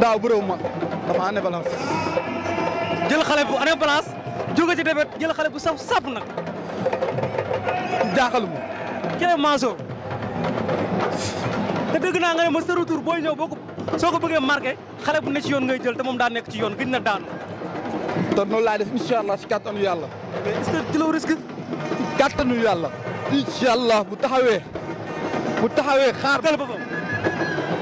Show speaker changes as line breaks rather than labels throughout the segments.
daaw bëréew ma dama année balance jël xale bu année balance jóge ci débét jël xale bu saf sap nag jaaxalu ma kene Mansour te dëgg naa nga ne ma sa retour booy ñëw boo ko soo ko bëggee marqué xale ne ci yoon ngay jël te moom daa nekk ci yoon gëj na daan te noonu laa def incha allah si kàttanu yàlla mais est ce que jëloo risque kàttanu yàlla incha bu taxawee bu taxawee xaar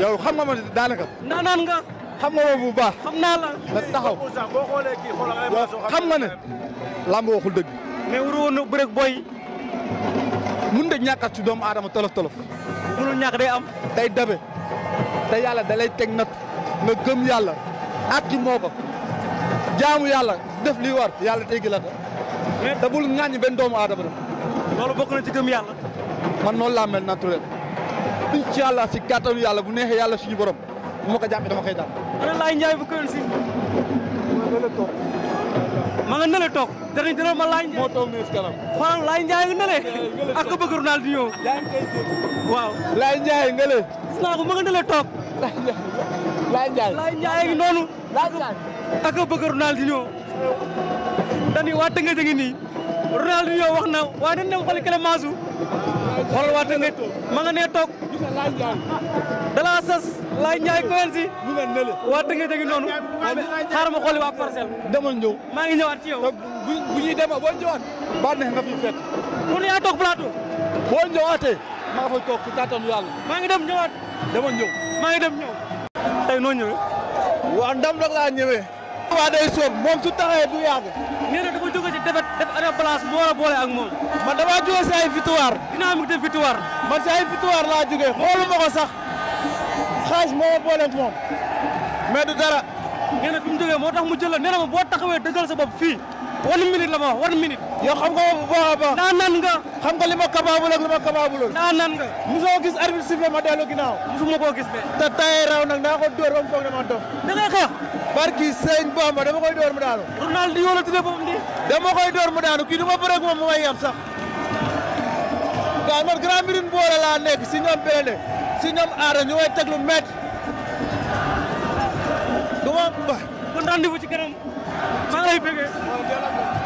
yow xam nga ma daanaka. naanaan nga. xam nga ma bu baax. xam naa la. nga taxaw boo xoolee kii xoolal xam nga ne. lamb waxul dëgg. mais waru woon na bëreeg booy yi. mun de ñàkkat ci doomu aadama tolof tolof. munul ñàkk day am. day dabe te yàlla da lay teg nat nga gëm yàlla. àcc moo ko. jaamu yàlla def li war yàlla teggi la ko. mais te bul ŋàññi benn doomu aadama. loolu bokk na ci gëm yàlla. man noonu laa mel naturel. incha allah si kàttanu yàlla bu neexee yàlla suñu borom bu ma ko jàppee dama koy daan. ana Laye Ndiaye bu Kewel si. ma nga nële toog. ma nga nële toog. danañ dina ma Laye Ndiaye moo toog nii si kanam. xoolal Laye Ndiaye nga nële. Eh, ak ko bëgg Ronaldinho. le. gis naa ko ma nële toog. Laye Ndiaye Laye Ndiaye noonu. Laye Ndiaye ak ko bëgg Ronaldinho. dañuy waa Tëngéej a ngi nii wax na waaye dañu dem xooli Clémenceau xoolal waa Tëngéej ma nga nee toog dala sës laay Njaay Koyel si waa Tëngéej a ngi noonu xaaral ma waa parcelle demal ñëw maa ngi ñëwaat ci yow bu ñuy dem boo ñëwaat ba neex nga fi fekk kon yaa toog plateau boo ñëwaatee maa fay toog ci kàttanu yàlla maa ngi dem ñëwaat demal ñëw maa ngi dem ñëw tey noo ñëwee waa ndam rek laa ñëwee waa day soog moom su taxee du yàgg defet def ana place moo la boole ak moom man damaa jóge si ay victoire dynamique de victoire man si ay victoire laa jógee xooluma ko sax xaaj moo ma boole moom mais du dara nee na fi moo tax mu jël la nee na ma boo taxawee
dëggal sa bopp fii one minute la ma wax one minute. yow xam nga bu baax a baax. naan nan nga. xam nga li ma kabaabul ak li ma kabaabulul. naan nan nga. mosoo ma dellu ginnaaw. mosuma koo gis de. te tayee raw nag naa ko dóor ba mu foog ne ma dof. da ngay xeex. barki sëñ Bamba dama koy dóor mu daanu. Ronaldo yoo la tuddee boppam di. dama koy dóor mu si si ñoom aada ñu may teg lu métti. rendez-vous ci kanam maa
ngi lay bëggee